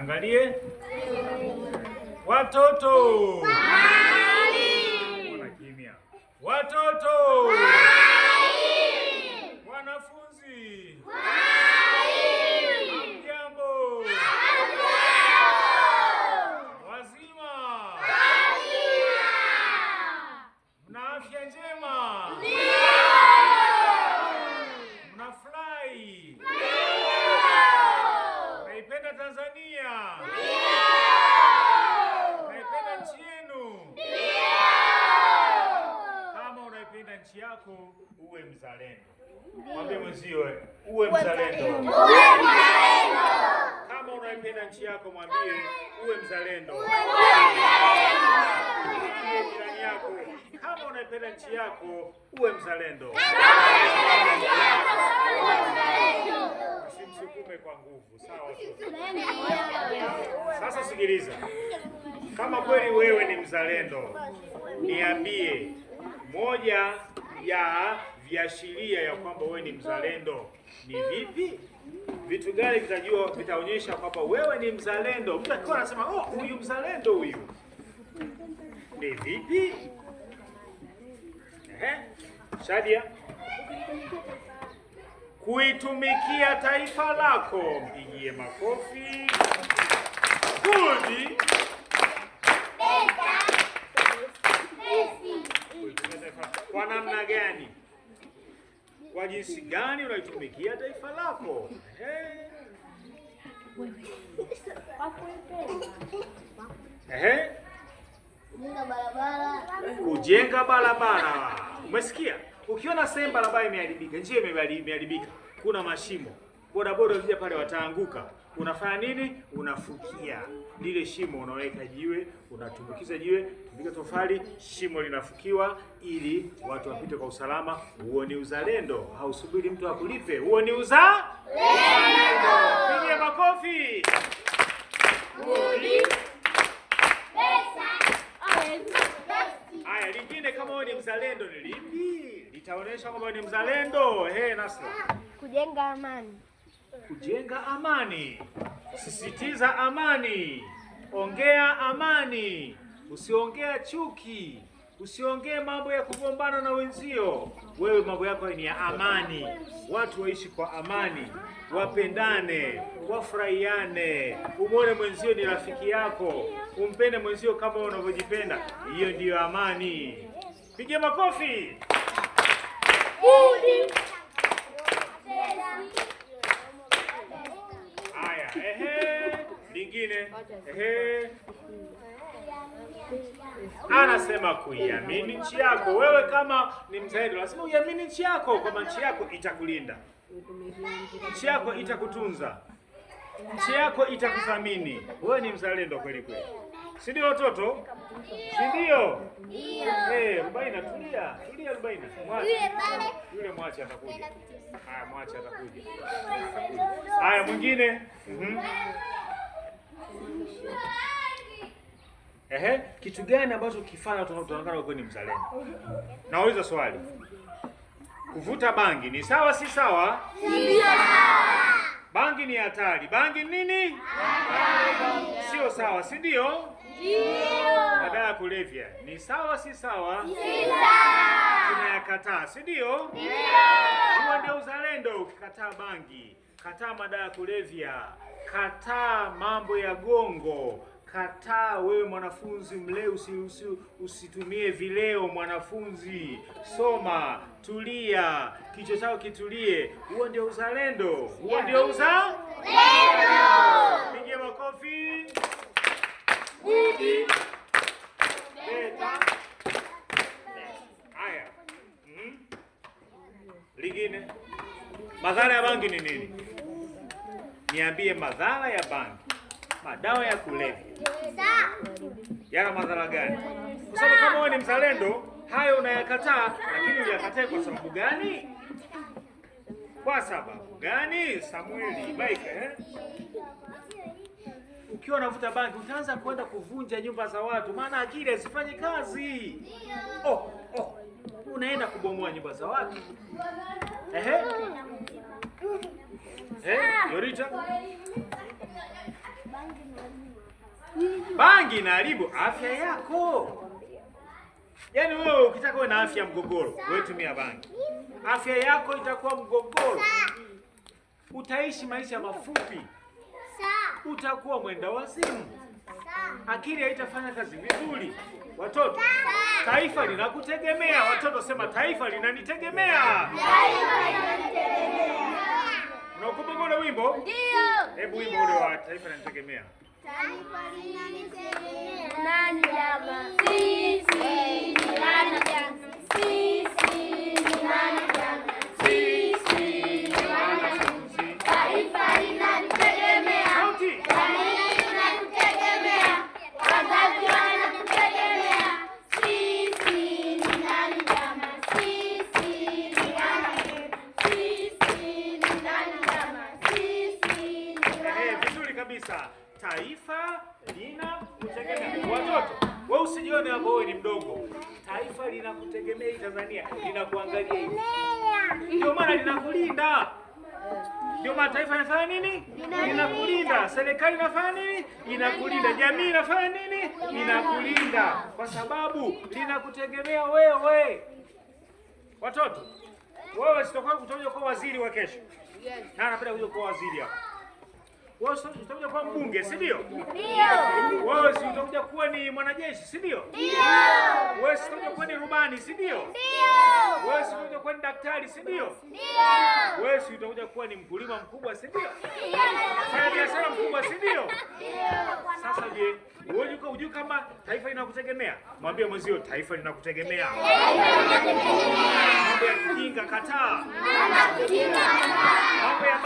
Angalie watoto. Watoto. mzalendo. Mwambie mwenzio uwe mzalendo. Uwe mzalendo. Kama unaipenda nchi yako mwambie uwe mzalendo. Uwe mzalendo. Jirani yako kama unaipenda nchi yako uwe mzalendo. Usimsukume kwa nguvu, sawa? Sasa sikiliza. Kama kweli wewe ni mzalendo, niambie moja ya viashiria ya kwamba wewe ni mzalendo ni vipi? Vitu gani vitajua vitaonyesha kwamba wewe ni mzalendo? Mtu akiwa anasema oh, huyu mzalendo huyu ni vipi? Ehe, Shadia, kuitumikia taifa lako, mpigie makofi. Good. Kwa namna gani? kwa jinsi gani unaitumikia taifa lako. Ehe, kujenga barabara. Umesikia? Ukiona sehemu barabara imeharibika, njia imeharibika, kuna mashimo bodaboda ukija pale wataanguka. Unafanya nini? Unafukia lile shimo, unaweka jiwe, unatumbukiza jiwe, tumbukiza tofali, shimo linafukiwa ili watu wapite kwa usalama. Huo ni uzalendo, hausubiri mtu akulipe. Huo ni uzalendo. Pigie makofi. Haya, lingine kama wewe ni mzalendo ni lipi? Litaonyesha kwamba ni mzalendo. Hey, Nasra, kujenga amani kujenga amani, sisitiza amani, ongea amani, usiongea chuki, usiongee mambo ya kugombana na wenzio. Wewe mambo yako ni ya amani, watu waishi kwa amani, wapendane, wafurahiane, umwone mwenzio ni rafiki yako, umpende mwenzio kama unavyojipenda. Hiyo ndiyo amani. pige makofi. nyingine ehe, anasema kuiamini nchi yako. Wewe kama ni mzaidi, lazima uiamini nchi yako, kwamba nchi yako itakulinda, nchi yako itakutunza, nchi yako itakuthamini. Wewe ni mzalendo kweli kweli, si ndio watoto? Si ndio? Eh, Rubaina tulia, tulia Rubaina. Mwache. Yule mwache atakuja. Haya mwache atakuja. Haya mwingine. Mhm. Ehe, kitu gani ambacho ukifanya tunaonekana kwa ni mzalendo? Nauliza swali. Kuvuta bangi ni sawa si sawa? sawa. Bangi ni hatari. Bangi nini? Hatari. Sio sawa, si ndio? Ndio. Dawa ya kulevya ni sawa si sawa? Si sawa. Tunayakataa, si ndio? Ndio. Huo ndio uzalendo ukikataa bangi kataa madawa ya kulevya, kataa mambo ya gongo, kataa wewe mwanafunzi mlee usi, usi, usitumie vileo. Mwanafunzi soma, tulia, kichwa chako kitulie. Huo ndio uzalendo, huo ndio uzalendo. Pigie makofi. Haya, hmm? lingine madhara ya bangi ni nini? Niambie madhara ya bangi, madawa ya kulevya yana madhara gani? Kwa sababu kama wewe ni mzalendo, hayo unayakataa, lakini uyakatae kwa sababu gani? Kwa sababu gani? Samueli Baika, eh? Ukiwa unavuta bangi utaanza kwenda kuvunja nyumba za watu, maana akili haisifanye kazi. Oh, oh, unaenda kubomoa nyumba za watu ehe. Eh, Bangi inaharibu afya yako. Yaani wewe ukitaka uwe na afya mgogoro, wewe tumia bangi. Afya yako itakuwa mgogoro. Utaishi maisha mafupi. Utakuwa mwenda wazimu. Akili haitafanya kazi vizuri. Watoto, taifa linakutegemea. Watoto sema, taifa linanitegemea. Taifa linanitegemea. Unakumbuka ule wimbo? Ndio. Hebu wimbo ule wa taifa linanitegemea. Taifa linanitegemea. Nani jamaa? Sisi. Nani jamaa? Sisi. Nani jamaa? kabisa taifa linakutegemea. Watoto we usijione hapo wewe ni mdogo, taifa linakutegemea. Hii Tanzania linakuangalia hivi, ndio maana linakulinda. Ndio maana taifa inafanya nini? Linakulinda. Serikali inafanya nini? Inakulinda. Jamii inafanya nini? Inakulinda, kwa sababu linakutegemea wewe. Watoto wewe sitokuwa kutoka kwa waziri wa kesho, na anapenda kuja kwa waziri hapa wewe utakuja kuwa mbunge, si ndio? Ndio. Wewe si utakuja kuwa ni mwanajeshi, si ndio? Ndio. Wewe si utakuja kuwa ni rubani, si ndio? Ndio. Wewe si utakuja kuwa ni daktari, si ndio? Ndio. Wewe si utakuja kuwa ni mkulima mkubwa, si ndio? Ndio. Biashara mkubwa, si ndio? Ndio. Sasa je, wewe uko unajua kama taifa linakutegemea? Mwambie mwenzio taifa linakutegemea. Taifa Mambo ya kijinga kataa. Mambo ya